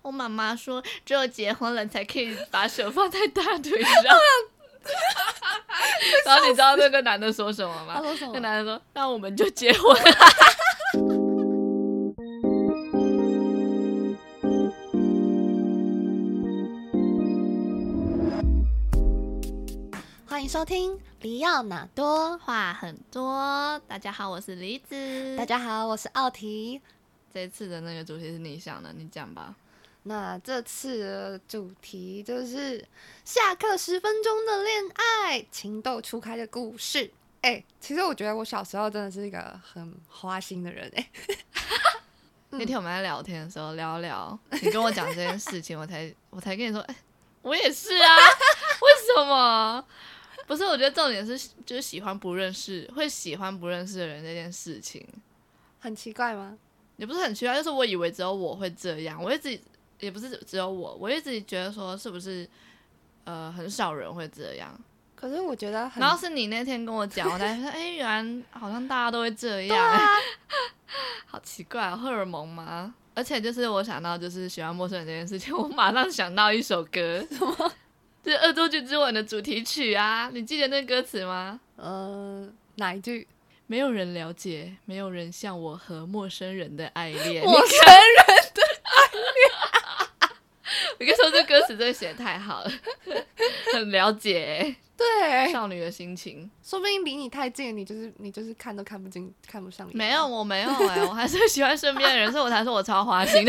我媽媽說，只有結婚了才可以把手放在大腿上。 然後你知道那個男的說什麼嗎？那男的說那我們就結婚了。 歡迎收聽《李奧納多話很多》，大家好，我是李子。大家好，我是奧提。這次的那個主題是你想的，你講吧。那這次的主題就是下課十分鐘的戀愛，情竇初開的故事。誒、欸，其實我覺得我小時候真的是一個很花心的人哎、欸。 那天我們在聊天的時候，聊聊你跟我講這件事情， 我才我才跟你說，誒、欸，我也是啊。 為什麼？不是？我覺得重點是就是喜歡不認識會喜歡不認識的人這件事情，很奇怪嗎？也不是很奇怪，就是我以為只有我會這樣，我一直。也不是只有我，我一直覺得說是不是呃很少人會這樣。可是我覺得很，然後是你那天跟我講，我那天說，哎， 原來好像大家都會這樣，啊、 好奇怪，荷爾蒙嗎？而且就是我想到就是喜歡陌生人這件事情，我馬上想到一首歌。什麼？ 就是《惡作劇之吻》的主題曲啊？你記得那歌詞嗎？呃，哪一句？沒有人了解，沒有人像我和陌生人的愛戀，陌生人的。你看。 你跟說這歌詞真的寫的太好了，很了解、欸，對少女的心情，說不定離你太近，你就是你就是看都看不進，看不上。沒有，我沒有哎、欸，我還是喜歡身邊的人， 所以我才說我超花心。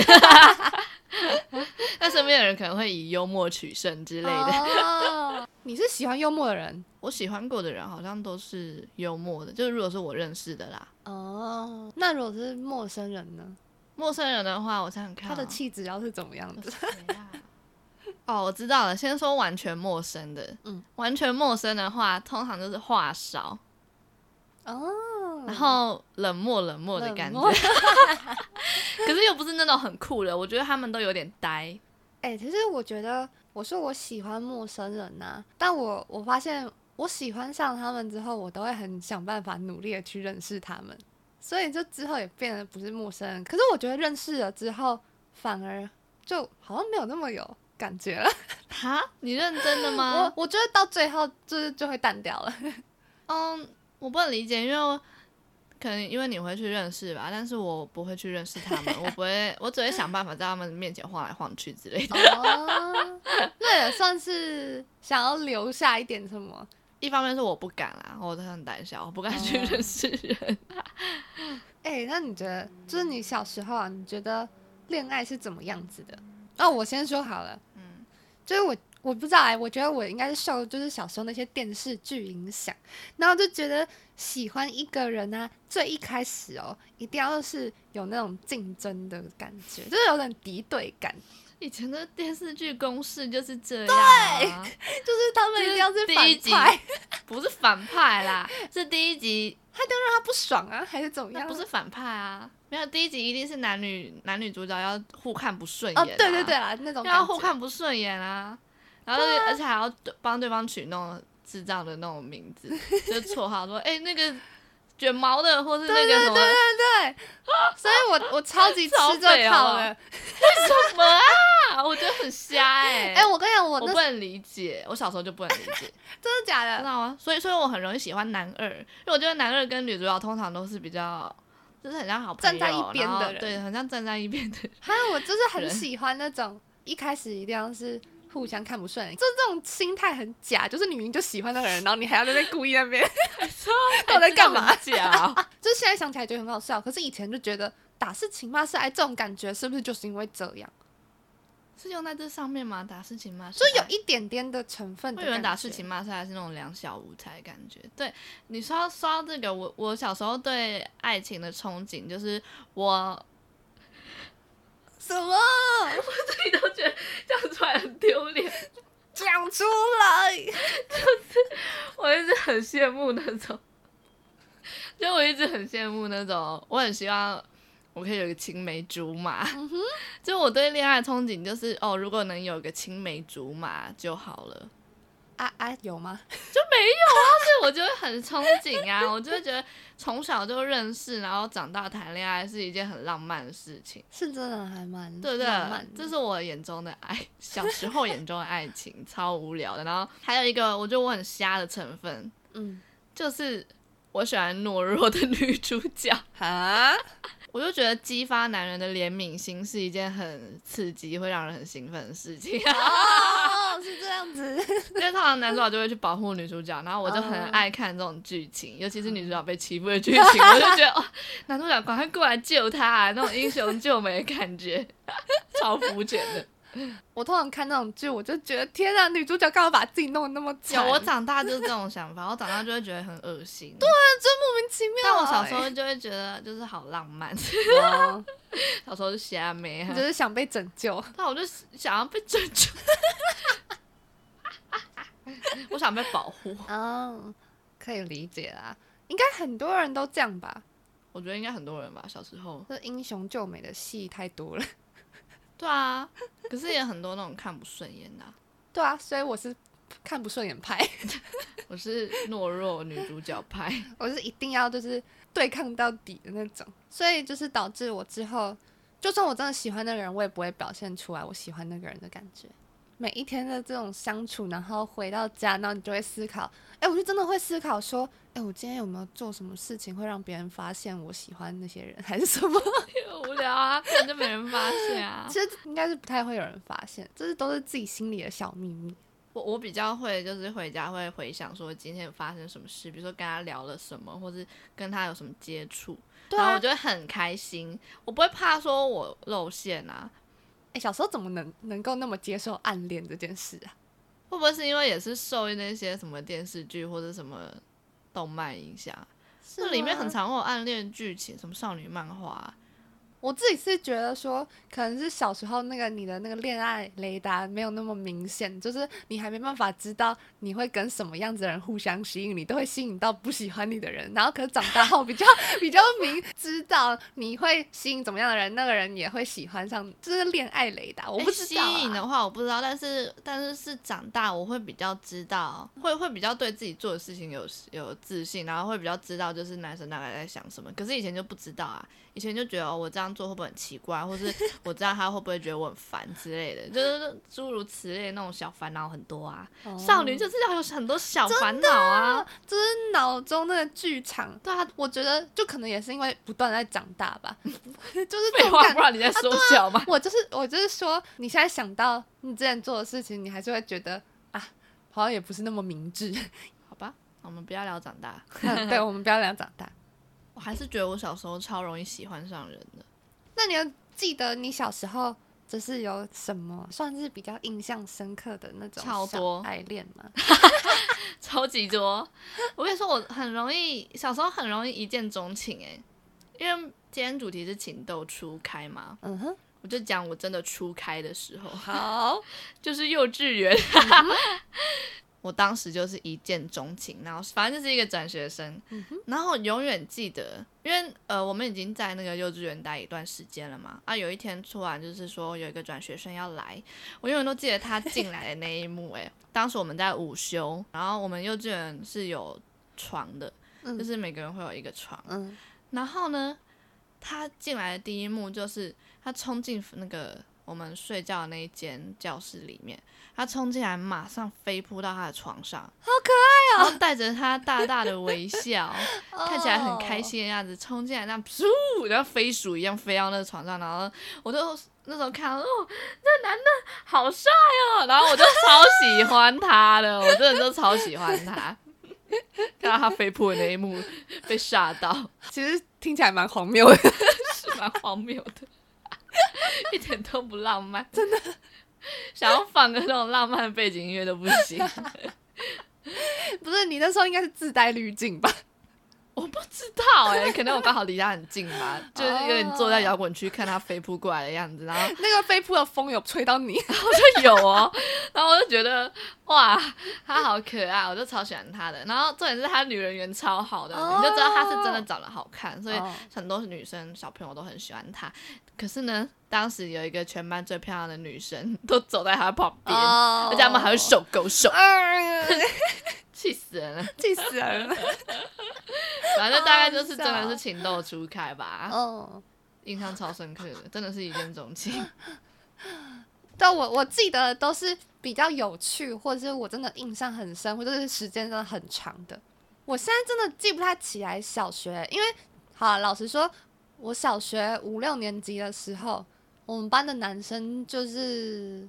但身邊的人可能會以幽默取勝之類的。Oh, 你是喜歡幽默的人？我喜歡過的人好像都是幽默的，就是如果是我認識的啦。哦，oh, 那如果是陌生人呢？陌生人的話，我想看他的氣質要是怎麼樣子。Okay, 哦，oh, 我知道了。先說完全陌生的，嗯，完全陌生的話，通常就是話少哦，oh, 然後冷漠冷漠的感覺，冷漠 可是又不是那種很酷的。我覺得他們都有點呆。哎、欸，其實我覺得我說我喜歡陌生人吶、啊，但我我發現我喜歡上他們之後，我都會很想辦法努力的去認識他們，所以就之後也變得不是陌生人。可是我覺得認識了之後，反而就好像沒有那麼有。感覺了哈？你認真的嗎？我我覺得到最後就是就會淡掉了。嗯，我不能理解，因為可能因為你會去認識吧，但是我不會去認識他們，我不會，我只會想辦法在他們面前晃來晃去之類的。 哦，對，算是想要留下一點什麼。一方面是我不敢啦、啊，我真的很膽小，我不敢去認識人。哎、嗯欸，那你覺得，就是你小時候、啊，你覺得戀愛是怎麼樣子的？哦，我先說好了。所以我，我我不知道哎、欸，我覺得我應該是受就是小時候那些電視劇影響，然後就覺得喜歡一個人呢、啊，最一開始哦，一定要是有那種競爭的感覺，就是有點敵對感。以前的電視劇公式就是這樣、啊對，就是他們一定要是反派，是不是反派啦，是第一集 他就讓他不爽啊，還是怎麼樣？不是反派啊。沒有第一集一定是男女男女主角，要互看不順眼，對對對啊，那種要互看不順眼啊，然後而且還要幫對方取那種智障的那種名字，就綽號，說哎，那個捲毛的，或是那個什麼，對對對，所以我我超級吃這套的。為什麼啊？我覺得很瞎哎，我跟你講，我不能理解，我小時候就不能理解，真的假的？知道嗎？所以所以，我很容易喜歡男二，因為我覺得男二跟女主角通常都是比較。就是很像好朋友站在一邊的對，很像站在一邊的。還有、啊、我就是很喜歡那種人一開始一定要是互相看不順眼，欸，就這種心態很假。就是你明明就喜歡那個人，然後你還要在那故意那邊，到底 說在幹嘛假、哦。啊？ 就是現在想起來覺得很好笑，可是以前就覺得打是情，罵是愛，這種感覺是不是就是因為這樣？是用在這上面嗎？打是情嗎？就有一點點的成分。對，人打是情嗎？是還是那種兩小無猜的感覺？對你刷刷這個，我我小時候對愛情的憧憬就是我什麼，我自己都覺得講出來很丟臉。講出來就是，我一直很羨慕那種，就我一直很羨慕那種，我很希望。我可以有個青梅竹馬，嗯哼，就我對戀愛的憧憬就是哦，如果能有個青梅竹馬就好了。啊啊，有嗎？ 就沒有啊，所以我就會很憧憬啊， 我就會覺得從小就認識，然後長大談戀愛是一件很浪漫的事情，是真的還蠻浪漫的，對對對，這是我眼中的愛，小時候眼中的愛情 超無聊的。然後還有一個我覺得我很瞎的成分，嗯，就是。我喜歡懦弱的女主角啊！我就覺得激發男人的憐憫心是一件很刺激，會讓人很興奮的事情，啊。哦，是這樣子，因為通常男主角就會去保護女主角，然後我就很愛看這種劇情，哦、尤其是女主角被欺負的劇情，我就覺得哦，男主角趕快過來救她，啊，那種英雄救美的感覺，超膚淺的。我通常看那種劇，我就覺得天哪、啊，女主角幹嘛把自己弄得那麼慘？我長大就是這種想法， 我長大就會覺得很噁心。對、啊，真莫名其妙。但我小時候就會覺得就是好浪漫， 哦、小時候就瞎美，就是想被拯救。 但我就想要被拯救， 我想被保護。嗯，oh. 可以理解啦，應該很多人都這樣吧？我覺得應該很多人吧，小時候這英雄救美的戲太多了。對啊，可是也很多那種看不順眼的，啊， 對啊，所以我是看不順眼派，我是懦弱女主角派， 我是一定要就是對抗到底的那種，所以就是導致我之後，就算我真的喜歡那個人，我也不會表現出來我喜歡那個人的感覺。每一天的這種相處，然後回到家，然後你就會思考，哎、欸，我就真的會思考說，哎、欸，我今天有沒有做什麼事情會讓別人發現我喜歡那些人，還是什麼？ 無聊啊，根本就沒人發現啊。其實應該是不太會有人發現，這是都是自己心裡的小秘密。我我比較會就是回家會回想說今天發生什麼事，比如說跟他聊了什麼，或者跟他有什麼接觸，啊、然後我就會很開心，我不會怕說我露餡啊。哎，小時候怎麼能能夠那麼接受暗戀這件事啊？會不會是因為也是受那些什麼電視劇或者什麼動漫影響？那裡面很常會有暗戀劇情，什麼少女漫畫。我自己是覺得說，可能是小時候那個你的那個戀愛雷達沒有那麼明顯，就是你還沒辦法知道你會跟什麼樣子的人互相吸引你，你都會吸引到不喜歡你的人。然後可是長大後比較 比較明知道你會吸引怎麼樣的人，那個人也會喜歡上。就是戀愛雷達，我不知道、啊欸、吸引的話我不知道，但是但是是長大我會比較知道，會會比較對自己做的事情有有自信，然後會比較知道就是男生大概在想什麼。可是以前就不知道啊。以前就覺得哦，我這樣做會不會很奇怪，或是我這樣他會不會覺得我很煩之類的， 就是諸如此類那種小煩惱很多啊。哦、少女就是要有很多小煩惱啊，啊，就是腦中那個劇場。對啊，我覺得就可能也是因為不斷在長大吧。就是廢話，不然你在縮小嗎？啊啊我就是我就是說，你現在想到你之前做的事情，你還是會覺得啊，好像也不是那麼明智。好吧，我們不要聊長大。 對，我們不要聊長大。我還是覺得我小時候超容易喜歡上人的，那你要記得你小時候就是有什麼算是比較印象深刻的那種超多愛戀嗎？ 超級多！ 我跟你說，我很容易小時候很容易一見鍾情哎、欸，因為今天主題是情竇初開嘛，嗯哼，我就講我真的初開的時候，好， 就是幼稚園。 嗯我當時就是一見鍾情，然後反正就是一個轉學生，然後永遠記得，因為呃，我們已經在那個幼稚園待一段時間了嘛，啊，有一天突然就是說有一個轉學生要來，我永遠都記得他進來的那一幕，欸，誒， 當時我們在午休，然後我們幼稚園是有床的，就是每個人會有一個床，然後呢，他進來的第一幕就是他衝進那個，我們睡覺的那一間教室裡面，他衝進來，馬上飛撲到他的床上，好可愛哦！然後帶着他大大的微笑， 看起來很開心的樣子，衝進來那樣撲，然後 像飛鼠一樣飛到那個床上，然後我就那時候看到，哦，那男的好帥哦，然後我就超喜歡他的， 我真的都超喜歡他，看到他飛撲的那一幕，被煞到，其實聽起來蠻荒謬的， 是蠻荒謬的。 一點都不浪漫，真的， 想要放個那種浪漫背景音樂都不行。 不是，你那時候應該是自帶濾鏡吧？我不知道哎、欸，可能我剛好離他很近吧， 就是有點坐在搖滾區看他飛撲過來的樣子，然後那個飛撲的風有吹到你， 然後就有哦，然後我就覺得哇，他好可愛，我就超喜歡他的。然後重點是他女人緣超好的， 你就知道他是真的長得好看，所以很多女生小朋友都很喜歡他。可是呢。當時有一個全班最漂亮的女生，都走在他旁邊，oh, 而且他們還會手勾手，氣死人了！氣死人了！ 反正大概就是真的是情竇初開吧。Oh, 印象超深刻的，oh. 真的是一見鍾情。但 我我記得都是比較有趣，或者是我真的印象很深，或者是時間真的很長的。我現在真的記不太起來小學，因為好，老實說，我小學五六年級的時候。我們班的男生就是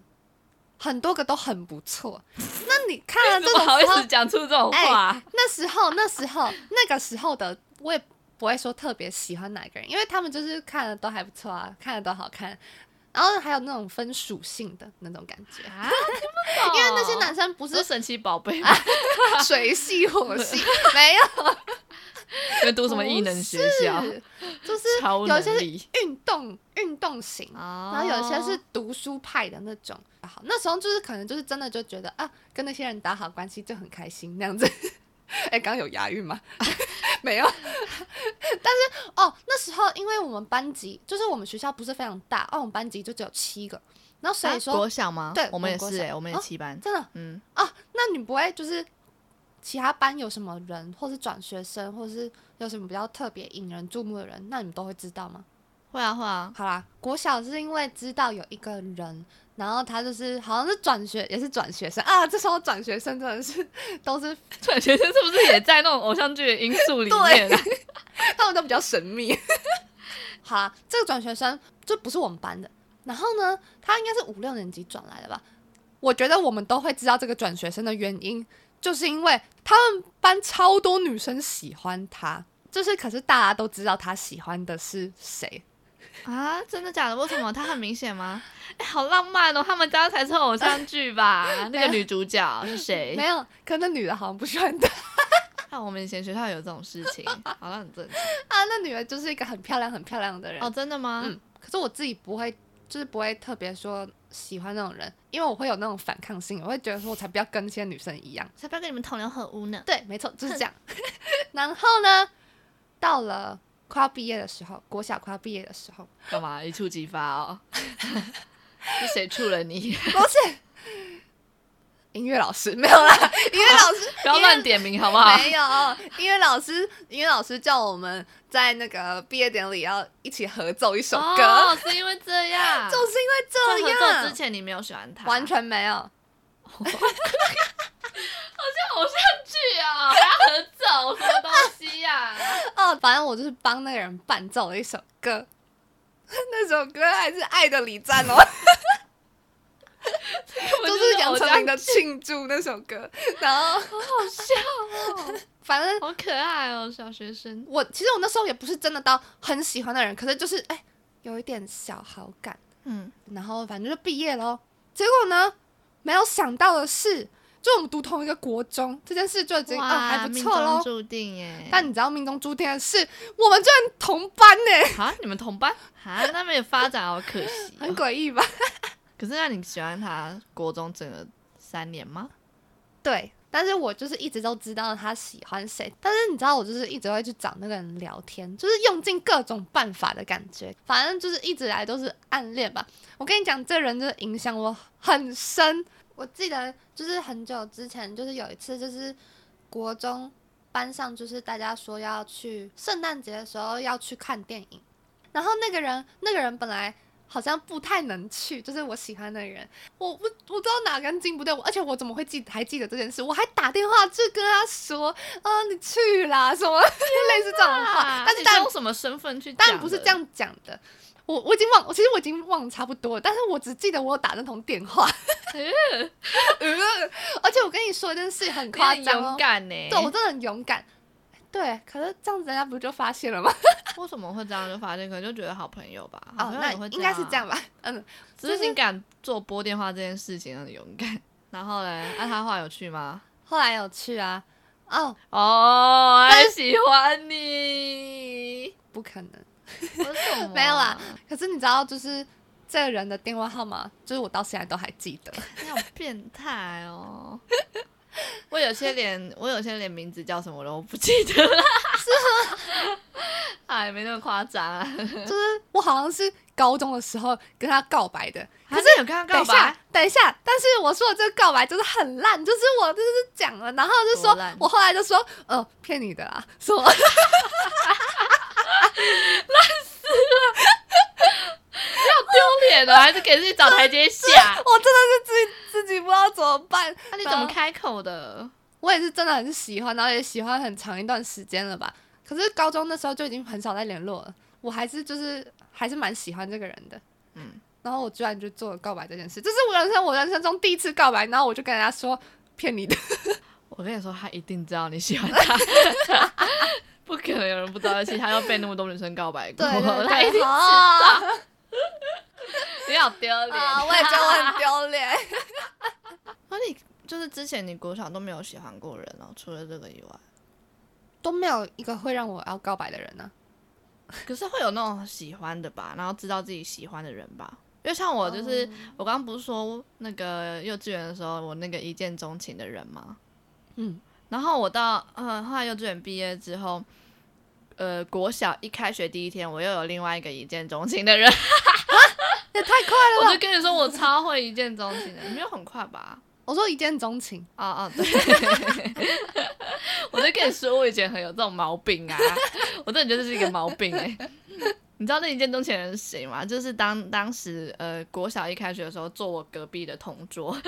很多個都很不錯， 那你看了都不好意思講出這種話、欸。那時候，那時候， 那個時候的我也不會說特別喜歡哪個人，因為他們就是看了都還不錯啊，看了都好看。然後還有那種分屬性的那種感覺，啊、因為那些男生不是神奇寶貝，水系、啊、火系 沒有，有讀什麼異能學校？就是有些是運動運動型，然後有些是讀書派的那種。哦啊、好，那時候就是可能就是真的就覺得啊，跟那些人打好關係就很開心那樣子。哎，剛剛、欸、有押韻嗎？ 沒有， 但是哦，那時候因為我們班級就是我們學校不是非常大，哦，我們班級就只有七個，然後所以說國小嗎？對，我們也是、欸，我們，我們也七班，哦，真的，嗯哦，那你不會就是其他班有什麼人，或是轉學生，或是有什麼比較特別引人注目的人，那你們都會知道嗎？會啊，會啊，好啦，國小是因為知道有一個人。然後他就是好像是轉學，也是轉學生啊。這時候轉學生真的是都是轉學生，是不是也在那種偶像劇的因素裡面啊？對，他們都比較神秘。 好，這個轉學生就不是我們班的。然後呢，他應該是五六年級轉來的吧？我覺得我們都會知道這個轉學生的原因，就是因為他們班超多女生喜歡他，就是可是大家都知道他喜歡的是誰。啊，真的假的？為什麼？她很明顯嗎？哎、欸，好浪漫哦！他們家才是偶像劇吧？啊、那個女主角是誰？沒有，可那女的好像不喜歡他？那、啊、我們以前學校有這種事情，好像很正常啊！那女的就是一個很漂亮、很漂亮的人哦，真的嗎？嗯，可是我自己不會，就是不會特別說喜歡那種人，因為我會有那種反抗性。我會覺得說我才不要跟那些女生一樣，才不要跟你們同流合汙呢。對，沒錯，就是這樣。 然後呢，到了。快要畢業的時候，國小快要畢業的時候，幹嘛一觸即發哦？ 是誰觸了你？不是且，音樂老師沒有啦，音樂老師、哦、不要亂點名好不好？沒有，音樂老師，音樂老師叫我們在那個畢業典禮要一起合奏一首歌，哦、是因為這樣，就是因為這樣。之前你沒有喜歡他，完全沒有。哦 好像偶像劇啊、哦，還要合照。 什麼東西呀？啊。哦，反正我就是幫那個人伴奏了一首歌，那首歌還是《愛的禮讚》哦， 我就是楊丞琳的慶祝 慶祝那首歌。然後，好好笑哦，反正好可愛哦，小學生。我其實我那時候也不是真的到很喜歡的人，可是就是哎，有一點小好感。嗯，然後反正就畢業了。結果呢，沒有想到的是。就我們讀同一個國中這件事就已經啊哇、嗯、還不錯嘍。但你知道命中注定的是我們居然同班哎！哈，你們同班哈， 那沒有發展好可惜，哦，很詭異吧？ 可是那你喜歡他國中整個三年嗎？對，但是我就是一直都知道他喜歡誰，但是你知道我就是一直會去找那個人聊天，就是用盡各種辦法的感覺，反正就是一直來都是暗戀吧。我跟你講，這人就是影響我很深。我記得就是很久之前，就是有一次，就是國中班上，就是大家說要去聖誕節的時候要去看電影，然後那個人，那個人本來好像不太能去，就是我喜歡的人，我不，我不知道哪根筋不對我，而且我怎麼會記還記得這件事？我還打電話就跟他說，哦，啊，你去啦什麼，啊，類似這種話，但是，是用什麼身份去，當然不是這樣講的。我我已經忘，其實我已經忘差不多了，但是我只記得我有打那通電話、 嗯嗯。而且我跟你說一件事，很誇張。勇敢呢、欸？對，我真的很勇敢。對，可是這樣子人家不就發現了嗎？為什麼會這樣就發現？可能就覺得好朋友吧。哦，好像也會那應該是這樣吧。嗯，只是,是你敢做撥電話這件事情很勇敢。就是、然後呢，那他後來有趣嗎？後來有趣啊。哦哦，還是喜歡你？不可能。啊、沒有啦，可是你知道，就是這個人的電話號碼，就是我到現在都還記得。你好變態哦！ 我有些連我有些連名字叫什麼了，我不記得了。是嗎， 哎，沒那麼誇張、啊。就是我好像是高中的時候跟他告白的。可是有跟他告白？等一下，但是我說的這個告白真的很爛，就是我就是講了，然後就說，我後來就說，呃，騙你的啦，說。 爛 死了， 要了！要丟臉的，還是給自己找台階下？ 我真的是自己自己不知道怎麼辦。那、啊、你怎麼開口的？我也是真的很喜歡，然後也喜歡很長一段時間了吧。可是高中那時候就已經很少再聯絡了。我還是就是還是蠻喜歡這個人的。嗯，然後我居然就做了告白這件事，這是我人生我人生中第一次告白。然後我就跟人家說騙你的。 我跟你說，他一定知道你喜歡他。 不可能有人不知道，而且他又被那麼多女生告白過，我 對一太好 你好丟臉、啊，oh, 我也覺得我很丟臉。那你就是之前你國小都沒有喜歡過人哦，除了這個以外，都沒有一個會讓我要告白的人呢、啊。可是會有那種喜歡的吧，然後知道自己喜歡的人吧，因為像我就是、oh. 我剛剛不是說那個幼稚園的時候，我那個一見鍾情的人嗎？嗯。然後我到，嗯、呃，後來幼稚園畢業之後，呃，國小一開學第一天，我又有另外一個一見鍾情的人、 啊，也太快了吧！我就跟你說，我超會一見鍾情的， 你沒有很快吧？我說一見鍾情，啊啊、哦哦，對， 我就跟你說，我以前很有這種毛病啊，我真的覺得這是一個毛病哎、欸。你知道那一見鍾情的人是誰嗎？就是當當時，呃，國小一開學的時候，坐我隔壁的同桌。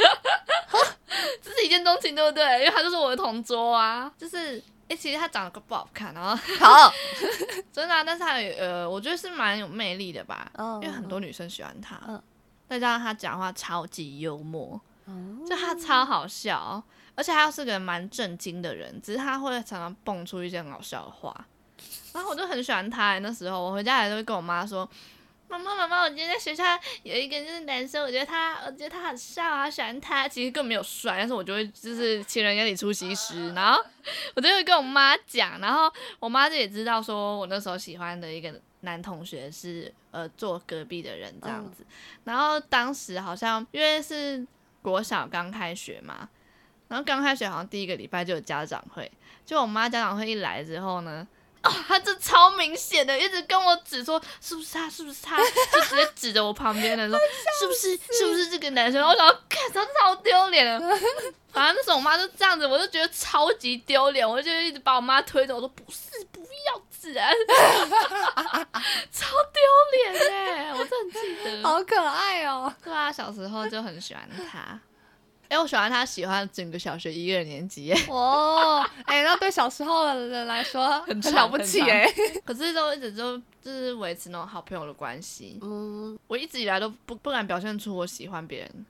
這是一見鍾情，對不對？因為他就是我的同桌啊，就是誒、欸，其實他長得不好看，然後好， 真的、啊，但是他有呃，我覺得是蠻有魅力的吧，oh. 因為很多女生喜歡他，再加上他講話超級幽默，oh. 就他超好笑，而且他又是個蠻正經的人，只是他會常常蹦出一些很好笑的話，然後我就很喜歡他。那時候我回家來都會跟我媽說。媽媽，媽媽，我今天在學校有一個就是男生，我覺得他，我覺得他很帥，啊，我好喜歡他。其實更沒有帥，但是我就會就是情人眼裡出西施。然後我就會跟我媽講，然後我媽就也知道說我那時候喜歡的一個男同學是呃坐隔壁的人這樣子。然後當時好像因為是國小剛開學嘛，然後剛開學好像第一個禮拜就有家長會，就我媽家長會一來之後呢。哦，他這超明顯的，一直跟我指說是不是他，是不是他， 就直接指着我旁邊的人說是,是不是，是不是這個男生？我想看他超好丟臉啊！反正那時候我媽就這樣子，我就覺得超級丟臉，我就一直把我媽推着，我說不是，不要指、啊， 超丟臉誒，我真的很記得，好可愛哦。對啊，小時候就很喜歡他。為、欸、我喜歡他喜歡整個小學一二年級，哦，哎，那對小時候的人來說 很了喘不起哎。 可是都一直就就是維持那種好朋友的關係。嗯，mm. 我一直以來都不不敢表現出我喜歡別人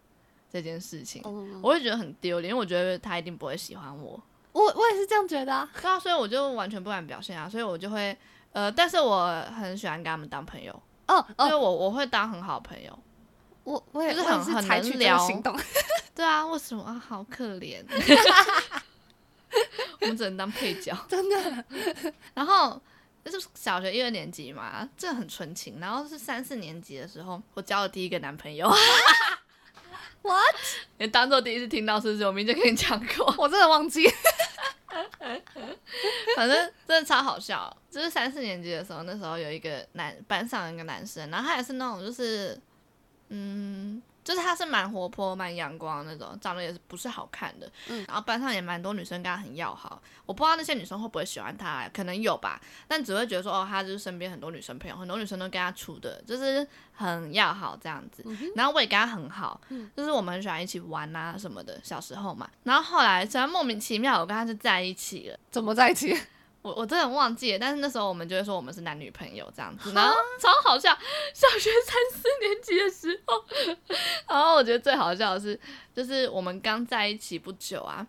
這件事情，oh, oh, oh. 我會覺得很丟臉，因為我覺得他一定不會喜歡我。Oh, oh. 我我, oh, oh. 我,我也是這樣覺得啊，是啊，所以我就完全不敢表現啊，所以我就會呃，但是我很喜歡跟他們當朋友，哦、oh, oh.，因為我我會當很好朋友。我我也我是很是很能聊，這種行動，對啊，為什麼啊？好可憐，哈哈哈，我們只能當配角，真的。 然後就是小學一二年級嘛，真的很純情。然後是三四年級的時候，我交了第一個男朋友。哈哈哈 What？你當做第一次聽到，是不是？我明天跟你講過， 我真的忘記。 反正真的超好笑。就是三四年級的時候，那時候有一個男班上一個男生，然後他也是那種就是。嗯，就是他是蠻活潑、蠻陽光的那種，長得也不是好看的。嗯、然後班上也蠻多女生跟他很要好，我不知道那些女生會不會喜歡他，欸，可能有吧，但只會覺得說，哦，他就是身邊很多女生朋友，很多女生都跟他處的，就是很要好這樣子。嗯、哼然後我也跟他很好，嗯、就是我們很喜歡一起玩啊什麼的，小時候嘛。然後後來雖然莫名其妙，我跟他就在一起了。怎麼在一起？我我真的忘記了，但是那時候我們就會說我們是男女朋友這樣子，然後蛤超好笑。小學三四年級的時候， 然後我覺得最好笑的是，就是我們剛在一起不久啊，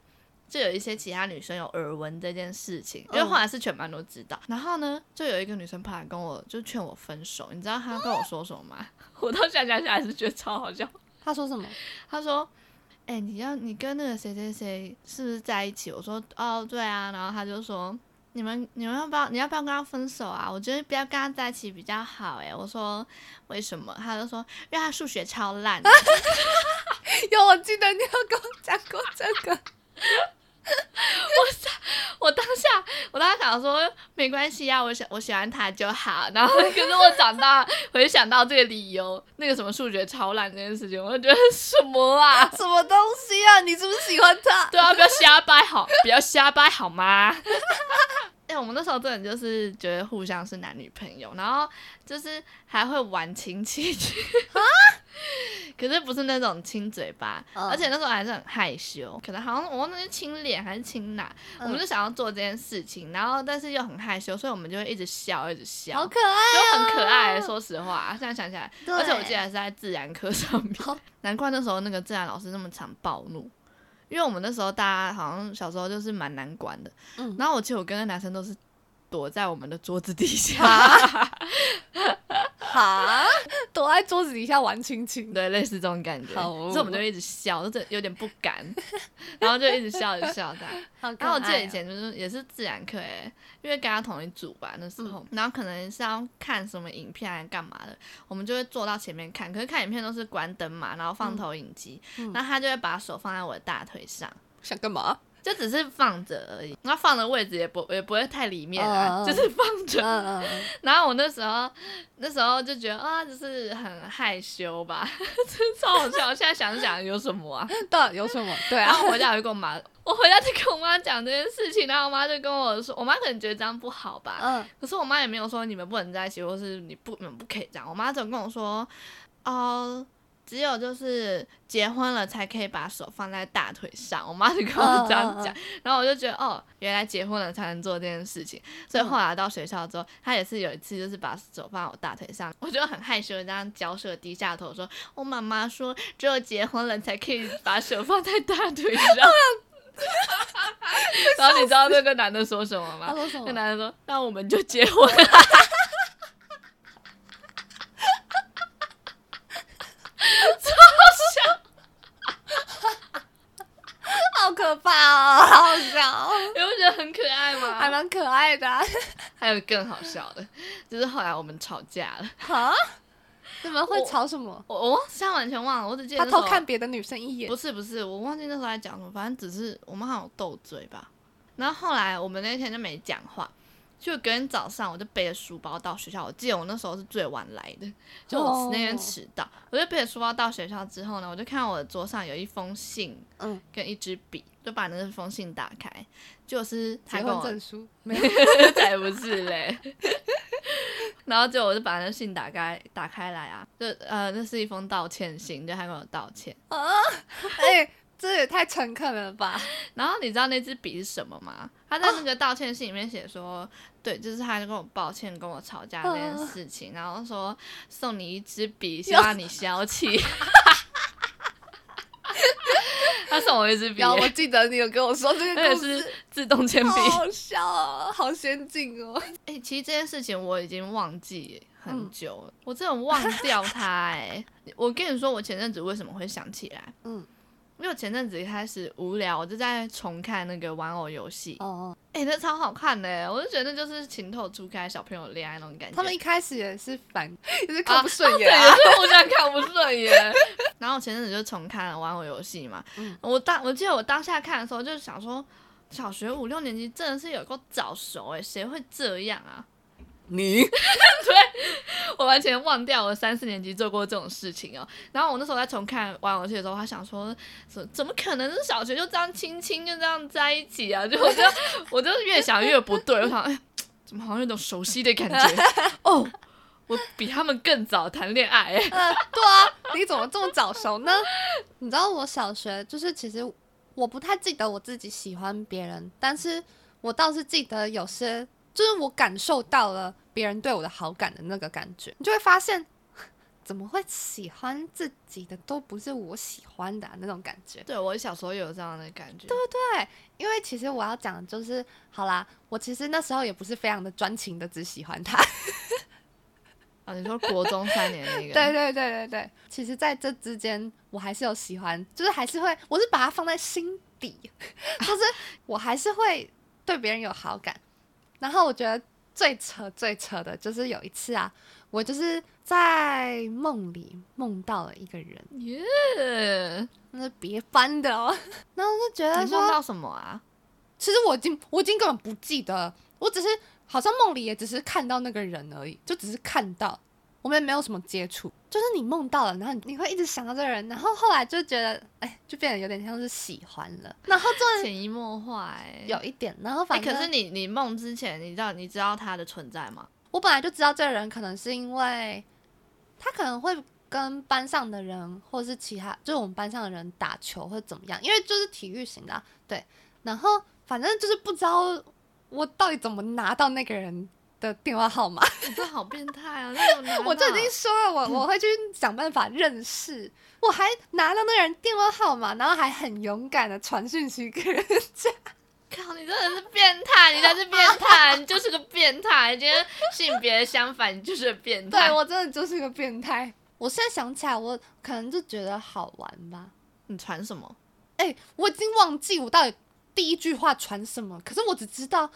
就有一些其他女生有耳聞這件事情，因為後來是全班都知道。哦、然後呢，就有一個女生跑來跟我，就勸我分手。你知道她跟我說什麼嗎？蛤我到現在還是覺得超好笑。她說什麼？她說：“哎、欸，你要你跟那個誰誰誰是不是在一起？”我說：“哦，對啊。”然後她就說。你們，你們要不要，你要不要跟他分手啊？我覺得不要跟他在一起比較好，哎、欸。我說為什麼？他就說，因為他數學超爛。因為 我記得你有跟我講過這個。 我我當下我當下想說沒關係呀、啊，我想我喜歡他就好。然後，可是我長大， 我就想到這個理由，那個什麼數學超爛這件事情，我就覺得什麼啊，什麼東西啊？你是不是喜歡他？對啊，不要瞎掰好，不要瞎掰好嗎？哎、 欸，我們那時候真的就是覺得互相是男女朋友，然後就是還會玩親戚。可是不是那種親嘴巴，呃、而且那時候還是很害羞，可能好像我忘了是親臉還是親哪，呃、我們就想要做這件事情，然後但是又很害羞，所以我們就會一直笑，一直笑，好可愛、喔，就很可愛、欸。說實話，現在想起來，對而且我記得還是在自然課上面，哦、難怪那時候那個自然老師那麼常暴怒，因為我們那時候大家好像小時候就是蠻難管的，嗯，然後我記得我跟那男生都是躲在我們的桌子底下，啊。躲在桌子底下玩親親，對，類似這種感覺。所以、哦、我們就一直笑，我 就有點不敢， 然後就一直笑，一直笑的。 哦、然後我記得以前就是也是自然課哎、欸，因為跟他同一組吧那時候，嗯、然後可能是要看什麼影片還是幹嘛的，我們就會坐到前面看。可是看影片都是關燈嘛，然後放投影機，嗯嗯、然後他就會把手放在我的大腿上，想幹嘛？就只是放着而已，那放的位置也不也不會太裡面啊，就是放着。然後我那時候那時候就覺得啊，就、哦、是很害羞吧，超好笑。我現在想想有什麼啊？ 對，有什麼？對啊，然後回家我就跟我媽，我回家就跟我媽講這件事情，然後我媽就跟我說，我媽可能覺得這樣不好吧，uh, 可是我媽也沒有說你們不能在一起，或是你不你們不，不可以這樣。我媽總跟我說，啊。Uh, 只有就是結婚了才可以把手放在大腿上，我媽就跟我這樣講，oh, oh, oh. 然後我就覺得哦，原來結婚了才能做這件事情。所以後來到學校之後，oh. 她也是有一次就是把手放在我大腿上，我就很害羞，這樣嬌羞，低下頭說，我媽媽說只有結婚了才可以把手放在大腿上。 然後你知道那個男的說什麼嗎？那個男的說，那我們就結婚了。 蠻可愛的、啊， 還有更好笑的，就是後來我們吵架了。哈，怎麼會吵什麼？我我，我現在完全忘了，我只記得他偷看別的女生一眼。不是不是，我忘記那時候在講什麼，反正只是我們好像鬥嘴吧。然後後來我們那天就沒講話，就隔天早上我就背着書包到學校，我記得我那時候是最晚來的，就那天遲到。Oh. 我就背着書包到學校之後呢，我就看到我的桌上有一封信，嗯，跟一支筆。嗯就把那封信打開，就是他跟我結婚證書，沒有，才 不是嘞。 然後就我就把那信打開，打開來啊，就呃，那是一封道歉信，就他跟我道歉。啊，哎、欸， 這也太誠懇了吧！然後你知道那支筆是什麼嗎？他在那個道歉信裡面寫說，啊、對，就是他就跟我抱歉，跟我吵架那件事情，啊、然後說送你一支筆，希望你消氣。要是 他送我一支筆，我記得你有跟我說這個，它是自動鉛筆，好，好笑，哦，好先進哦。哎、欸，其實這件事情我已經忘記很久了，嗯、我真的忘掉它哎。 我跟你說，我前陣子為什麼會想起來？嗯。因為我前陣子一開始無聊，我就在重看那個玩偶遊戲。哦哦，哎，那超好看的，我就覺得就是情竇初開，小朋友戀愛那種感覺。他們一開始也是反，也、就是看不順眼，互相看不順眼。然後我前陣子就重看了玩偶遊戲嘛。嗯、我當，我記得我當下看的時候，就想說，小學五六年級真的是有夠早熟哎，誰會這樣啊？你？ 我完全忘掉我三四年級做過這種事情哦。然後我那時候在重看玩偶遊戲的時候，我還想說：怎麼可能是小學就這樣親親就這樣在一起啊？就我就我就越想越不對。我想，哎，怎麼好像有種熟悉的感覺？哦，我比他們更早談戀愛欸。嗯，呃，對啊，你怎麼這麼早熟呢？你知道我小學就是，其實我不太記得我自己喜歡別人，但是我倒是記得有些，就是我感受到了。別人對我的好感的那個感覺，你就會發現，怎麼會喜歡自己的都不是我喜歡的、啊、那種感覺。對，我小時候也有這樣的感覺，對不對，因為其實我要講的就是，好啦，我其實那時候也不是非常的專情的，只喜歡他。 啊，你說國中三年那個？ 對對對對對，其實在這之間，我還是有喜歡，就是還是會，我是把它放在心底，就是我還是會對別人有好感， 然後我覺得。最扯最扯的就是有一次啊，我就是在夢裡夢到了一個人，耶，Yeah. 那是別翻的哦。然後就覺得你夢到什麼啊？其實我已經我已經根本不記得，我只是好像夢裡也只是看到那個人而已，就只是看到。我們也沒有什麼接觸，就是你夢到了，然後你會一直想到這個人，然後後來就覺得，哎、欸，就變得有點像是喜歡了，然後就潛移默化、欸，有一點，然後反正。欸、可是你你夢之前，你知道你知道他的存在嗎？我本來就知道這個人，可能是因為他可能會跟班上的人，或者是其他，就是我們班上的人打球或怎麼樣，因為就是體育型的、啊，對。然後反正就是不知道我到底怎麼拿到那個人的電話號碼，你這好變態啊！ 我就已經說了，我我會去想辦法認識。 我還拿了那個人電話號碼，然後還很勇敢的傳訊息給人家。靠，你真的是變態！你才是變態！ 你就是個變態！你今天性別相反，你就是， 你就是個變態。 對，我真的就是個變態。我現在想起來，我可能就覺得好玩吧。你傳什麼？誒、欸，我已經忘記我到底第一句話傳什麼，可是我只知道。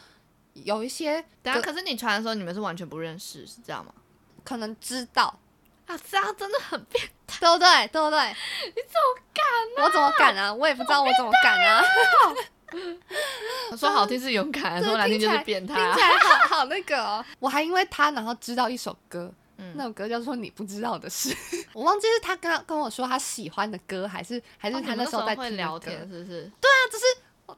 有一些，等一下，可是你傳的時候，你們是完全不認識，是這樣嗎？可能知道啊，這樣真的很變態，對不對，對？對不對？你怎麼敢呢、啊？我怎麼敢啊？我也不知道我怎麼敢啊！啊 說好聽是勇敢，就是、說難聽就是變態、啊，聽起來好好那個。哦， 我還因爲他，然後知道一首歌，嗯、那首歌叫做《你不知道的事，》 我忘記是他跟跟我說他喜歡的歌，還是還是他那時候在聽的、哦，是不是？對啊，就是。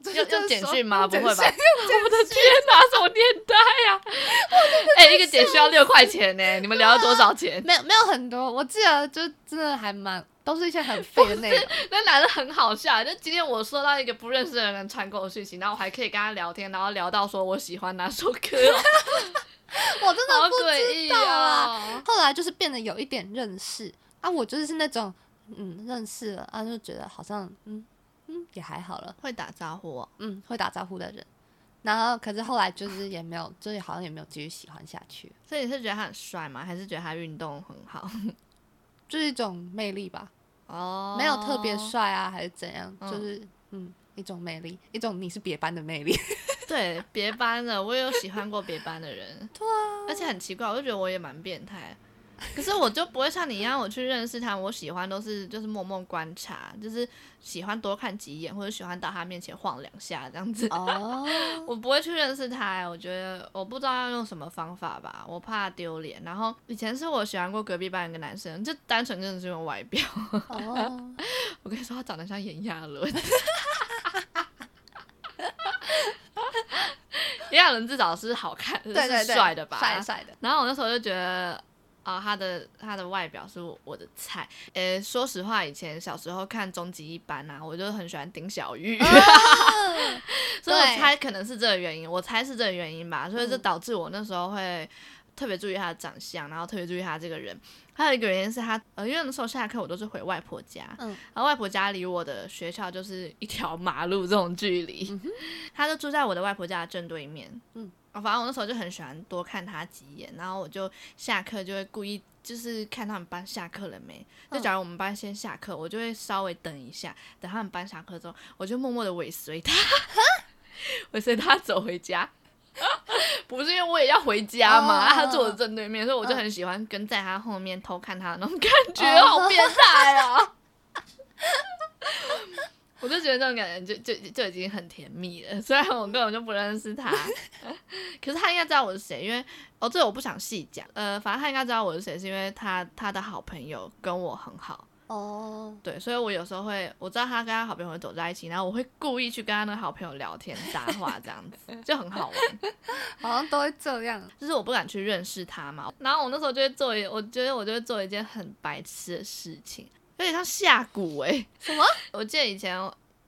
要、就是就是、用簡訊嗎？不會吧！簡訊簡訊，我的天哪， 什麼年代呀、啊！哎、欸，一個簡訊要六塊錢呢、欸，啊、你們聊了多少錢？沒有，沒有很多。我記得就真的還蠻，都是一些很廢的那種。那男的很好笑，就今天我收到一個不認識的人傳過來訊息，然後我還可以跟他聊天，然後聊到說我喜歡哪首歌， 我真的不知道啊。哦、後來就是變得有一點認識啊，我就是那種嗯認識了啊，就覺得好像嗯。嗯，也還好了，會打招呼、哦。嗯，會打招呼的人。然後，可是後來就是也沒有，啊、就是好像也沒有繼續喜歡下去。所以你是覺得他很帥嗎？還是覺得他運動很好？ 就是一種魅力吧。哦，沒有特別帥啊，還是怎樣？嗯、就是嗯，一種魅力，一種你是別班的魅力。 對，別班的，我也有喜歡過別班的人。 對、啊，而且很奇怪，我就覺得我也蠻變態。 可是我就不會像你一樣，我去認識他，我喜歡都是就是默默觀察，就是喜歡多看幾眼，或者喜歡到他面前晃兩下這樣子。哦，oh. 我不會去認識他，我覺得我不知道要用什麼方法吧，我怕丟臉。然後以前是我喜歡過隔壁班一個男生，就單純真的是用外表。哦 ，oh. 我跟你說，他長得像炎亞綸。炎亞綸至少是好看，就是帥的吧？帥帥的。然後我那時候就覺得。啊、哦，他的他的外表是我我的菜，誒，說實話，以前小時候看《終極一班》吶，我就很喜歡丁小玉，哦、 所以我猜可能是這個原因，對我猜是這個原因吧，所以就導致我那時候會特別注意他的長相，嗯、然後特別注意他這個人。還有一個原因是他，呃，因為那時候下課我都是回外婆家，嗯、然後外婆家離我的學校就是一條馬路這種距離，嗯、哼他就住在我的外婆家的正對面，嗯。反正我那時候就很喜歡多看他幾眼，然後我就下課就會故意就是看他們班下課了沒。哦、就假如我們班先下課，我就會稍微等一下，等他們班下課之後，我就默默的尾隨他，蛤尾隨他走回家。 不是因為我也要回家嘛，哦、他坐我正對面，所以我就很喜歡跟在他後面偷看他那種感覺，哦、好變態啊！哦 我就覺得那種感覺就就就已經很甜蜜了，雖然我根本就不認識他，可是他應該知道我是誰，因為哦，這我不想細講，呃，反正他應該知道我是誰，是因為他他的好朋友跟我很好，哦，oh. 對，所以我有時候會我知道他跟他好朋友會走在一起，然後我會故意去跟他那個好朋友聊天搭話，這樣子就很好玩， 好像都會這樣，就是我不敢去認識他嘛，然後我那時候就會做一，我覺得我就會做一件很白痴的事情。所以像下蠱誒，什麼？我記得以前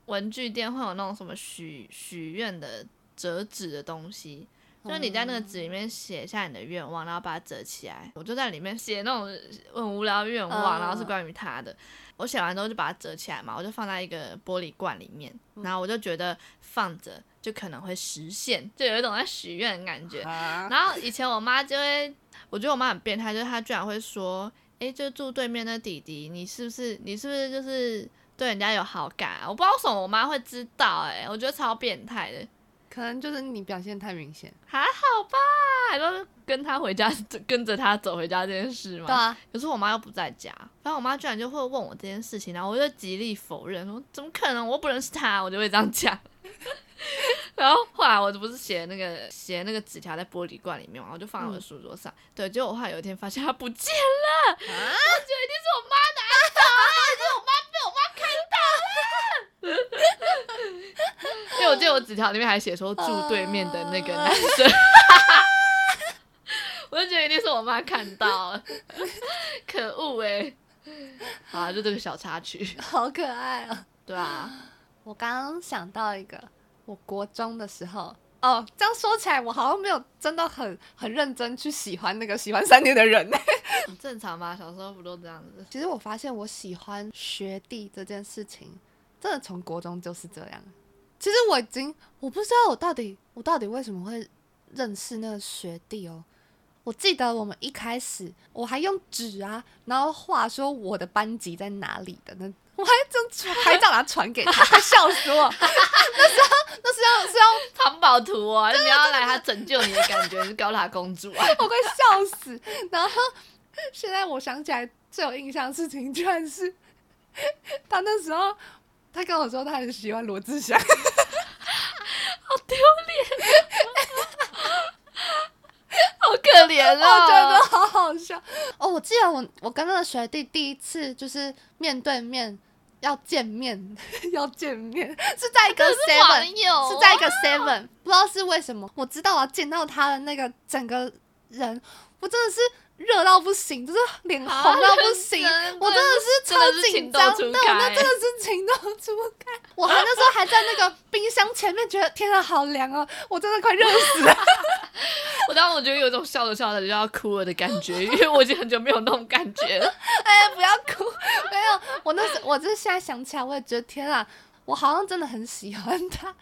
文具店會有那種什麼許許願的折紙的東西，就是你在那個紙裡面寫下你的願望，然後把它折起來。我就在裡面寫那種很無聊的願望，然後是關於他的。我寫完之後就把它折起來嘛，我就放在一個玻璃罐裡面。然後我就覺得放着就可能會實現，就有一種在許願的感覺。然後以前我媽就會，我覺得我媽很變態，就是她居然會說。哎、欸，就住對面那弟弟，你是不是你是不是就是對人家有好感？啊？我不知道為什麼我媽會知道、欸，哎，我覺得超變態的，可能就是你表現太明顯，還、啊、好吧，然後跟他回家，跟着他走回家這件事嘛。對啊，有時候我媽又不在家，反正我媽居然就會問我這件事情，然後我就極力否認，我怎麼可能，我又不認識他，我就會這樣講。 然後後來我不是寫了那個寫了那個紙條在玻璃罐裡面嘛，我就放在我的書桌上。嗯、對，結果我後來有一天發現它不見了，啊、我覺得一定是我媽拿走了、啊，一定是我媽被我媽看到了 因為我記得我紙條裡面還寫說住對面的那個男生， 我就覺得一定是我媽看到了， 可惡哎、欸！好，就這個小插曲，好可愛啊、哦！對啊，我剛想到一個。我國中的時候，哦，這樣說起來，我好像沒有真的很很認真去喜歡那個喜歡三年的人呢， 正常吧？小時候不都這樣子。其實我發現我喜歡學弟這件事情，真的從國中就是這樣。其實我已經，我不知道我到底我到底為什麼會認識那個學弟哦。我記得我們一開始我還用紙啊，然後畫說我的班級在哪裡的那。我還真傳，拍照拿傳給他，他笑死我！ 那時候，那是要是要藏寶圖啊、哦， 你要來他拯救你的感覺，是 高塔公主啊，我快笑死！然後現在我想起來最有印象的事情，居然是他那時候，他跟我說他很喜歡羅志祥， 好丟臉。好可憐啊，我覺得好好笑哦。我記得我我跟那個學弟第一次就是面對面要見面 要見面是在一個 seven、啊、是，是在一個 seven，哇不知道是為什麼。我知道啊，見到他的那個整個人，我真的是。熱到不行，就是臉紅到不行，啊、真的我真的是超緊張的，那真的是情竇初開。我還那時候還在那個冰箱前面，覺得 天啊，好涼啊，我真的快熱死了。 我當時我覺得有一種笑着笑着就要哭了的感覺， 因為我已經很久沒有那種感覺了。 哎呀，不要哭，沒有，我那時我就是現在想起來，我也覺得天啊，我好像真的很喜歡他，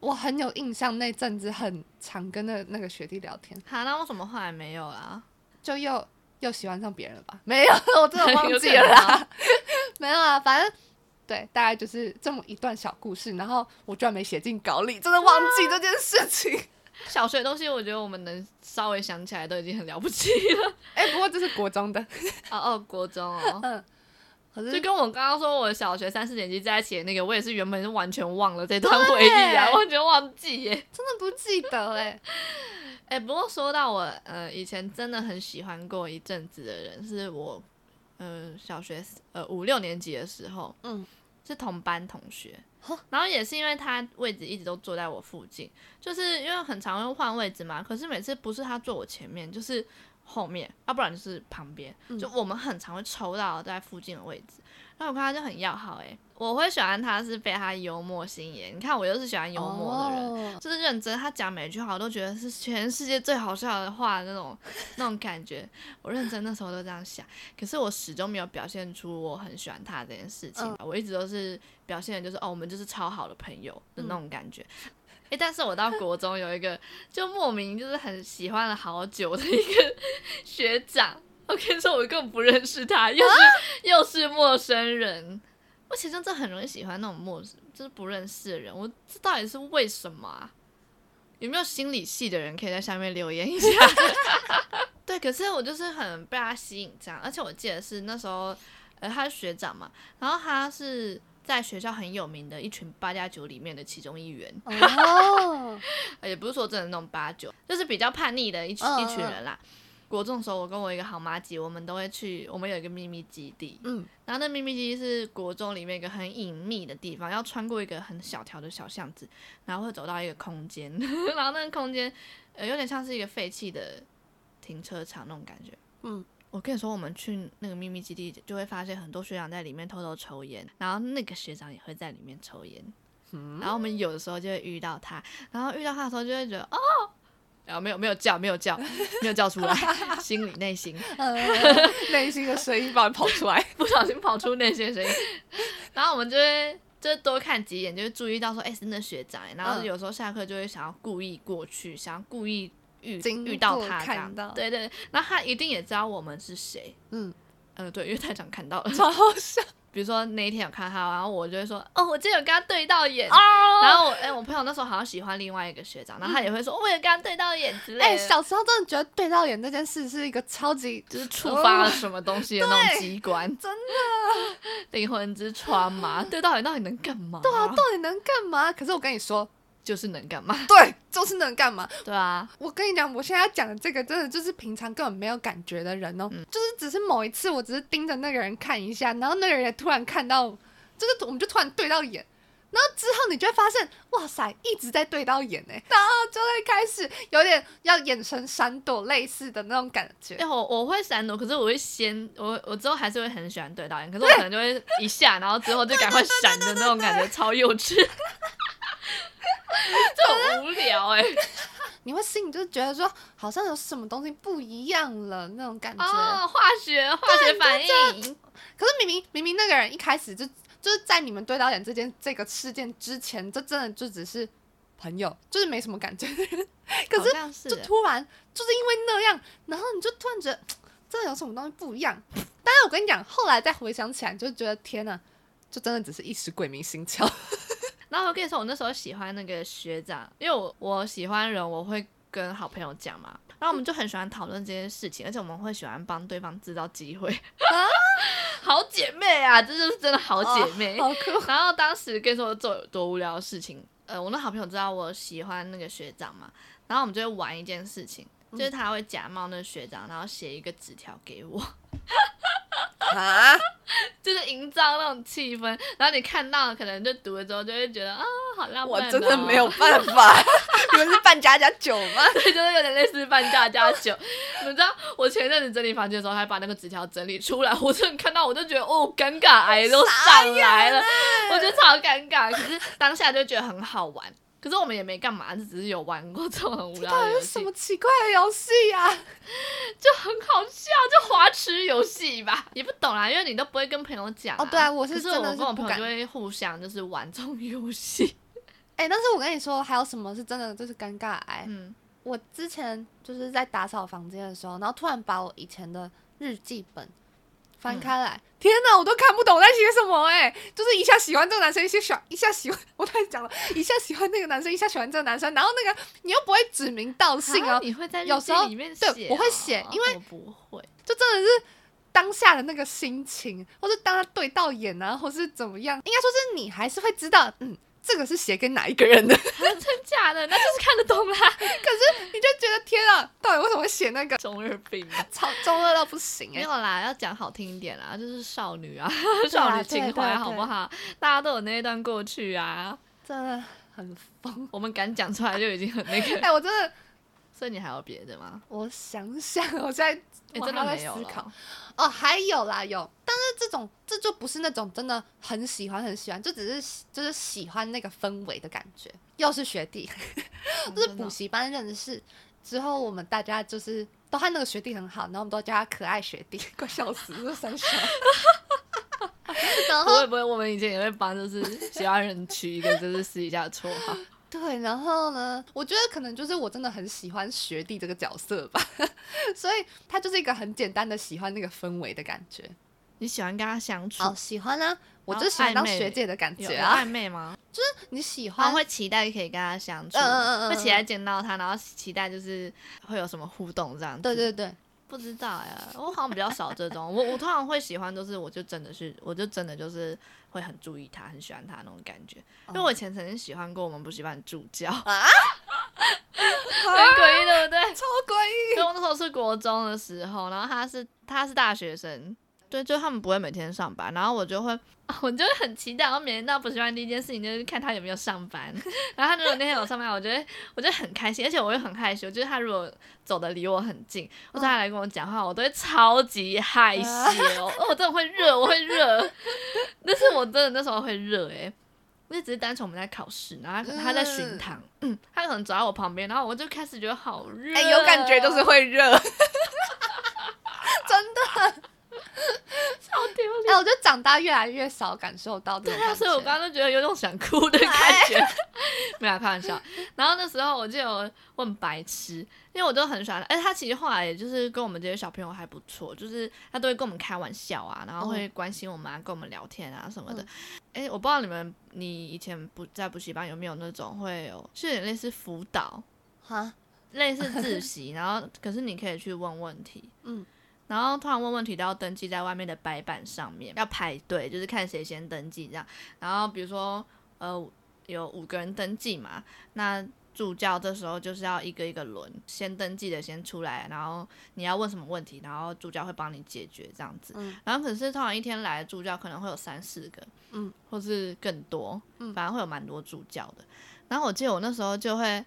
我很有印象那陣子很常跟那個、那個學弟聊天。好、啊，那我怎麼後來沒有了、啊。就又又喜歡上別人了吧？沒有，我真的忘記了。有啊、 沒有啊，反正對，大概就是這麼一段小故事。然後我居然沒寫進稿裡，真的忘記這件事情。啊、小學東西，我覺得我們能稍微想起來都已經很了不起了。哎 、欸，不過這是國中的。哦哦，國中哦。 嗯。就跟我剛剛說，我小學三四年級在一起的那個，我也是原本是完全忘了這段回憶啊，對完全忘記耶，真的不記得哎，誒、 欸，不過說到我呃以前真的很喜歡過一陣子的人，是我呃小學呃五六年級的時候，嗯，是同班同學，呵然後也是因為他位置，一直都坐在我附近，就是因為很常用換位置嘛，可是每次不是他坐我前面，就是。後面，要、啊、不然就是旁邊，就我們很常會抽到在附近的位置。嗯、然後我看他就很要好誒、欸。我會喜歡他是被他幽默心眼。你看我又是喜歡幽默的人，哦、就是認真，他講每句話我都覺得是全世界最好笑的話的那種那種感覺。我認真的時候都這樣想，可是我始終沒有表現出我很喜歡他這件事情。嗯、我一直都是表現的就是哦，我們就是超好的朋友的那種感覺。嗯誒，但是我到國中有一個，就莫名就是很喜歡了好久的一個學長。 okay, so、我跟你說我根本不認識他，又是、啊、又是陌生人。我其實真的很容易喜歡那種陌生，就是不認識的人。我這到底是為什麼、啊？有沒有心理系的人可以在下面留言一下？ 對，可是我就是很被他吸引這樣。而且我記得是那時候，呃，他是學長嘛，然後他是。在學校很有名的一群八加九裡面的其中一員，oh. 也不是說真的那種八九，就是比較叛逆的一、oh. 一群人啦。國中的時候，我跟我一個好麻吉，我們都會去，我們有一個秘密基地，嗯，然後那秘密基地是國中裡面一個很隱秘的地方，要穿過一個很小條的小巷子，然後會走到一個空間， 然後那個空間呃有點像是一個廢棄的停車場那種感覺，嗯。我跟你說，我們去那個秘密基地，就會發現很多學長在裡面偷偷抽煙，然後那個學長也會在裡面抽煙，然後我們有的時候就會遇到他，然後遇到他的時候就會覺得哦，然後沒有沒有叫沒有叫沒有叫出來， 心裡內心內 心的聲音把你跑出來， 不小心跑出內心聲音， 然後我們就會就多看幾眼，就會注意到說哎、欸、是那學長，然後有時候下課就會想要故意過去，想要故意。遇遇到他，這樣對對，那他一定也知道我們是誰。嗯嗯，對，因為太想看到了，超好笑。比如說那一天有看他，然後我就會說：“哦，我今天有跟他對到眼。”然後我哎，我朋友那時候好像喜歡另外一個學長，然後他也會說：“我也跟他對到眼。”之類。哎，小時候真的覺得對到眼這件事是一個超級，就是觸發了什麼東西的那種機關，真的靈魂之窗嘛？對到眼到底能幹嘛？對啊，到底能幹嘛？可是我跟你說。就是能幹嘛？對，就是能幹嘛？對啊。我跟你講，我現在要講的這個，真的就是平常根本沒有感覺的人哦，喔，嗯，就是只是某一次，我只是盯着那個人看一下，然後那個人也突然看到，就是我們就突然對到眼，然後之後你就會發現，哇塞，一直在對到眼呢，然後就會開始有點要眼神閃躲類似的那種感覺。欸，我我會閃躲，可是我會先，我我之後還是會很喜歡對到眼，對，可是我可能就會一下，然後之後就趕快閃的那種感覺，超幼稚。這很 像無聊哎、欸！ 你會心裡就是覺得說，好像有什麼東西不一樣了那種感覺。哦、化學化學反應。可是明明明明那個人一開始就就是在你們對到眼之間這個事件之前，這真的就只是朋友，就是沒什麼感覺。 可是就突然就是因為那樣，然後你就突然覺得真的有什麼東西不一樣。但是我跟你講，後來再回想起來，就覺得天哪、啊，就真的只是一時鬼迷心竅。然後我跟你說，我那時候喜歡那個學長，因為我我喜歡人，我會跟好朋友講嘛。然後我們就很喜歡討論這件事情，而且我們會喜歡幫對方制造機會。啊，好姐妹啊，這就是真的好姐妹。哦，好酷。然後當時跟你說做多，多無聊的事情，呃，我那好朋友知道我喜歡那個學長嘛，然後我們就會玩一件事情，就是他會假冒那個學長，然後寫一個紙條給我。嗯啊， 就是營造那種氣氛，然後你看到可能就讀了之後，就會覺得啊，好浪漫喔，我真的沒有辦法， 你們是扮家家酒嗎？ 對，就是有點類似扮家家酒。 你知道，我前陣子整理房間的時候，還把那個紙條整理出來，我就看到我就覺得哦，尷尬癌，都上來了，我覺得超尷尬，可是當下就覺得很好玩。可是我們也沒幹嘛，就只是有玩過這種很無聊的遊戲。到底有什麼奇怪的遊戲呀？ 就很好笑，就滑池遊戲吧。也不懂啦、啊，因為你都不會跟朋友講、啊。哦，對啊，我是，是我真的是我跟我朋友敢就會互相就是玩這種遊戲。哎、欸，但是我跟你說，還有什麼是真的就是尷尬癌、欸？嗯，我之前就是在打掃房間的時候，然後突然把我以前的日記本，翻開來，天哪，我都看不懂我在寫什麼哎、欸！就是一下喜歡這個男生，一下選，一下喜歡，我太講了，一下喜歡那個男生，一下喜歡這個男生，然後那個你又不會指名道姓、喔、啊，你會在日記裡面寫，對喔、我會寫，因為我不會，就真的是當下的那個心情，或是當他對到眼啊，或是怎麼樣，應該說是你還是會知道，嗯。這個是寫給哪一個人的？真的假的， 那就是看得懂啦。 可是你就覺得，天啊，到底為什麼會寫那個中二病、啊？超中二到不行哎、欸！沒有啦，要講好聽一點啦，就是少女啊，啊少女情懷好不好？對對對，大家都有那一段過去啊，真的這很瘋瘋。 我們敢講出來就已經很那個。哎、 欸，我真的。所以你還有別的嗎？我想想，我現在真的在思考，欸、哦，還有啦，有，但是這種這就不是那種真的很喜歡很喜歡，就只是就是喜歡那個氛圍的感覺。又是學弟，就是補習班認識之後，我們大家就是都和那個學弟很好，然後我們都叫他可愛學弟，快笑死了後，三笑。不會不會，我們以前也會幫就是喜歡人取一個就是私底下的綽號。對，然後呢？我覺得可能就是我真的很喜歡學弟這個角色吧，所以他就是一個很簡單的喜歡那個氛圍的感覺。你喜歡跟他相處？好喜歡啊！然後，我就喜歡當學姐的感覺啊！曖昧，有曖昧嗎？就是你喜歡、啊，會期待可以跟他相處，呃呃呃會期待見到他，然後期待就是會有什麼互動這樣子。對對對，不知道呀，我好像比較少這種。 我我通常會喜歡，就是我就真的是，我就真的就是。會很注意他，很喜歡他那種感覺，Oh. 因為我以前曾經喜歡過我們補習班助教啊，很詭異的、啊、對不對？超詭異！因為那時候是國中的時候，然後他是他是大學生。對，就他們不會每天上班，然後我就會，我就會很期待。我每天到補習班第一件事情就是看他有沒有上班。然後他如果那天有上班，我覺得，我就很開心。而且我會很害羞，就是他如果走得離我很近，或者他來跟我講話，我都會超級害羞。哦、我真的會熱，我會熱。但是我真的那時候會熱哎、欸，因為只是單純我們在考試，然後他可能他在巡堂、嗯，他可能走在我旁邊，然後我就開始覺得好熱，哎、欸，有感覺就是會熱。哎、啊，我就長大越來越少感受到這種感覺，對啊，所以我剛剛都覺得有種想哭的感覺。 沒開玩笑。 然後那時候我就有問白痴，因為我都很喜歡。哎、欸，他其實後來也就是跟我們這些小朋友還不錯，就是他都會跟我們開玩笑啊，然後會關心我們，啊，嗯、跟我們聊天啊什麼的。哎、欸，我不知道你們，你以前不在補習班有沒有那種會有是有點類似輔導哈，蛤類似自習， 然後可是你可以去問問題，嗯。然後突然問問題都要登記在外面的白板上面，要排隊，就是看誰先登記這樣。然後比如說，呃，有五個人登記嘛，那助教這時候就是要一個一個輪，先登記的先出來，然後你要問什麼問題，然後助教會幫你解決這樣子。嗯。然後可是通常一天來的助教可能會有三四個，嗯，或是更多，嗯，反正會有蠻多助教的。然後我記得我那時候就會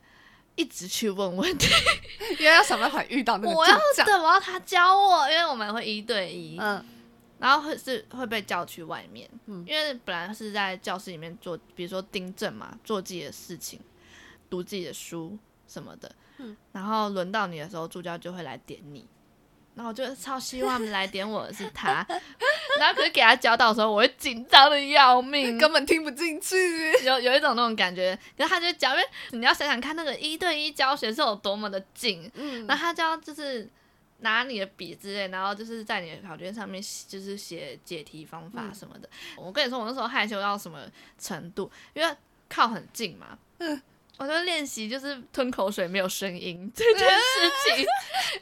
一直去問問題， 因為要想辦法遇到那個。我要對，我要他教我，因為我們會一對一。嗯，然後會是會被叫去外面，嗯，因為本來是在教室裡面做，比如說訂正嘛，做自己的事情，讀自己的書什麼的。嗯，然後輪到你的時候，助教就會來點你，然後就超希望來點我的是他。 然後可是給他教導的時候，我會緊張得要命、嗯，根本聽不進去，有有一種那種感覺。然後他就教，因為你要想想看，那個一對一教學是有多麼的近。嗯，然後他教就，就是拿你的筆之類，然後就是在你的考卷上面就是寫解題方法什麼的。嗯、我跟你說，我那時候害羞到什麼程度，因為靠很近嘛。嗯我在練習就是吞口水沒有聲音這件事情，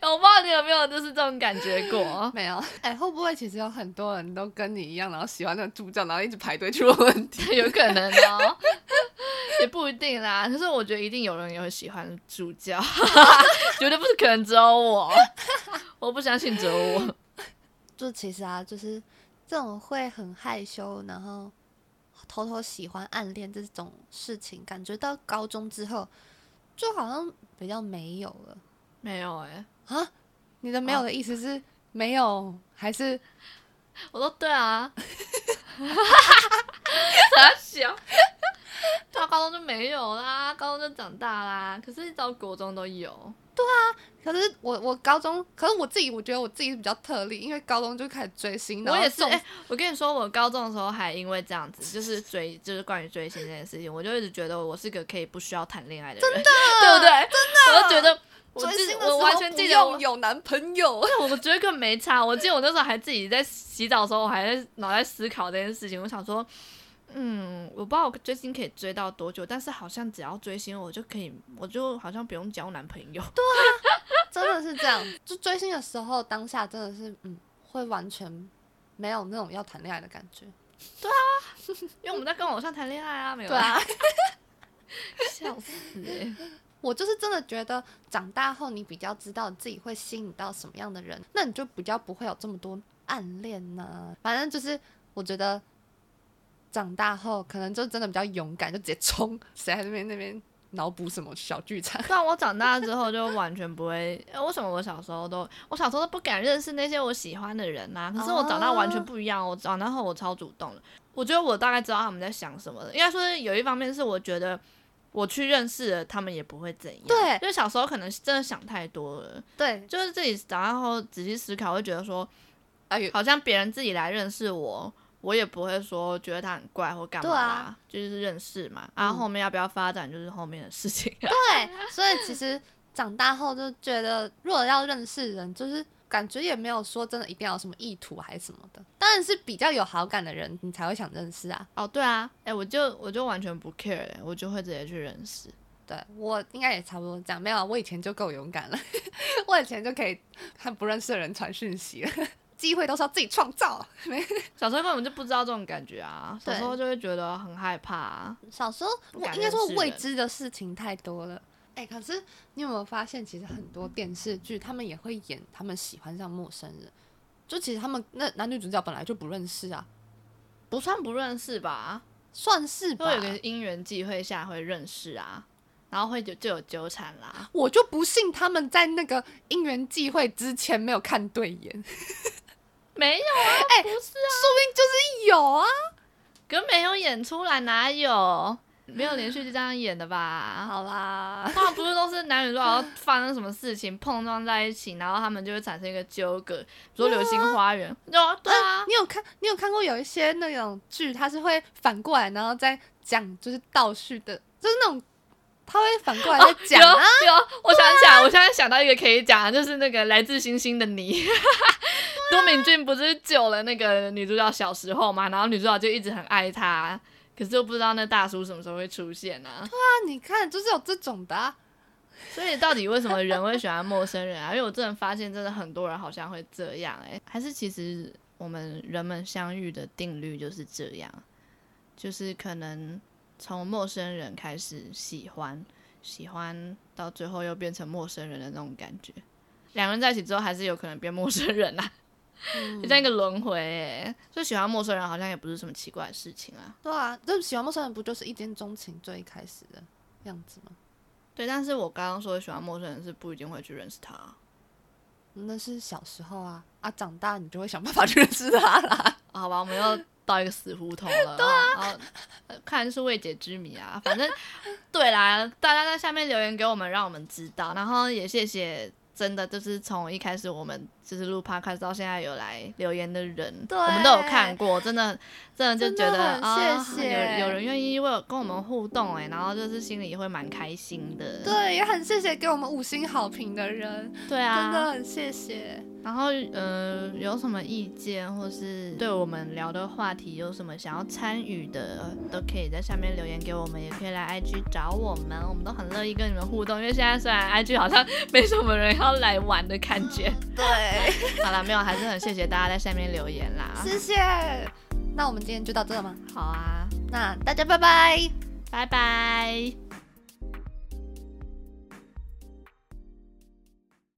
呃、我不知道你有沒有就是這種感覺過？沒有。哎，會不會其實有很多人都跟你一樣，然後喜歡那個助教，然後一直排隊去問問題？有可能哦， 也不一定啦。可是我覺得一定有人也會喜歡助教， 絕對不是可能只有我。我不相信只有我。就其實啊，就是這種會很害羞，然後。偷偷喜歡暗戀這種事情，感覺到高中之後就好像比較沒有了，沒有誒、欸、啊！你的“沒有”的意思是沒有、啊、還是？我說，對啊，哈哈哈哈哈！啊 到高中就沒有啦，高中就長大啦。可是到國中都有。對啊，可是我我高中，可是我自己，我覺得我自己是比較特例，因為高中就開始追星。我也是，是、欸，我跟你說，我高中的時候還因為這樣子，就是追，就是關於追星這件事情，我就一直覺得我是個可以不需要談戀愛的人，真的，對不對？真的，我就覺得我，我完全記得我不用有男朋友。我覺得沒差，我記得我那時候還自己在洗澡的時候，我還在腦袋思考這件事情，我想說。嗯，我不知道我追星可以追到多久，但是好像只要追星，我就可以，我就好像不用交男朋友。對啊，真的是這樣。就追星的時候，當下真的是，嗯，會完全沒有那種要談戀愛的感覺。對啊，因為我們在跟偶像談戀愛啊，沒有。對啊，笑死欸！我就是真的覺得，長大後你比較知道自己會吸引到什麼樣的人，那你就比較不會有這麼多暗戀呢。反正就是，我覺得。長大後可能就真的比較勇敢，就直接衝。誰在那邊那邊腦補什麼小劇場？但我長大之後就完全不會。 為什麼我小時候都我小時候都不敢認識那些我喜歡的人吶、啊？可是我長大完全不一樣。哦、我長大後我超主動了。我覺得我大概知道他們在想什麼的。應該說有一方面是我覺得我去認識了他們也不會怎樣。對，就小時候可能真的想太多了。對，就是自己長大後仔細思考，會覺得說，哎，好像別人自己來認識我。啊我也不會說覺得他很怪或幹嘛、啊啊、就是認識嘛，嗯、然後後面要不要發展就是後面的事情、啊。對，所以其實長大後就覺得，如果要認識人，就是感覺也沒有說真的一定要有什麼意圖還是什麼的，當然是比較有好感的人你才會想認識啊。哦，對啊，誒、欸，我就我就完全不 care，我就會直接去認識。對，我應該也差不多這樣，沒有，我以前就夠勇敢了， 我以前就可以跟不認識的人傳訊息了。機會都是要自己創造。 小時候根本就不知道這種感覺啊，對小時候就會覺得很害怕、啊。小時候，我應該說未知的事情太多了。哎、欸，可是你有沒有發現，其實很多電視劇他們也會演，他們喜歡上陌生人。就其實他們那男女主角本來就不認識啊，不算不認識吧，算是吧。都有個姻緣際會下會認識啊，然後會就就有糾纏啦。我就不信他們在那個姻緣際會之前沒有看對眼。 沒有啊，哎、欸，不是啊，說不定就是有啊，可是沒有演出來，哪有？沒有連續劇這樣演的吧？嗯、好啦，當然不是，都是男女主角發生什麼事情，嗯、碰撞在一起，然後他們就會產生一個糾葛。比如《流星花園》有啊，有、哦、對啊、呃，你有看？你有看過有一些那種劇，它是會反過來，然後再講，就是倒敘的，就是那種他會反過來再講，啊哦。有，有啊，我想想，我現在想到一個可以講，就是那個《來自星星的你。》 都敏俊不是救了那個女主角小時候嗎？然後女主角就一直很愛他，可是又不知道那大叔什麼時候會出現啊？對啊，你看就是有這種的啊。所以到底為什麼人會喜歡陌生人啊？因為我真的發現，真的很多人好像會這樣哎、欸，還是其實我們人們相遇的定律就是這樣，就是可能從陌生人開始喜歡，喜歡到最後又變成陌生人的那種感覺，兩個人在一起之後還是有可能變陌生人啊。這樣、嗯、一個輪迴，哎，就喜歡陌生人好像也不是什麼奇怪的事情啊。對啊，就喜歡陌生人不就是一見鍾情最一開始的樣子嗎？對，但是我剛剛說喜歡陌生人是不一定會去認識他，那是小時候啊，啊，長大你就會想辦法去認識他了。好吧，我們又到一個死胡同了，對啊，然後看來是未解之謎啊。反正 對啦，大家在下面留言給我們，讓我們知道。然後也謝謝。真的就是從一開始我們就是錄 podcast 開始到現在有來留言的人，對我們都有看過，真的真的就覺得謝、謝。哦、有有人願意為跟我們互動、欸，哎，然後就是心裡也會蠻開心的。對，也很謝謝給我們五星好評的人， 對啊，真的很謝謝。然後呃，有什麼意見或是對我們聊的話題有什麼想要參與的、呃，都可以在下面留言給我們，也可以來 IG 找我們，我們都很樂意跟你們互動。因為現在雖然 IG 好像沒什麼人要。要來玩的感覺，嗯、對， 好了，沒有，還是很謝謝大家在下面留言啦，謝謝。那我們今天就到這嗎？嗯？好啊，那大家拜拜，拜拜。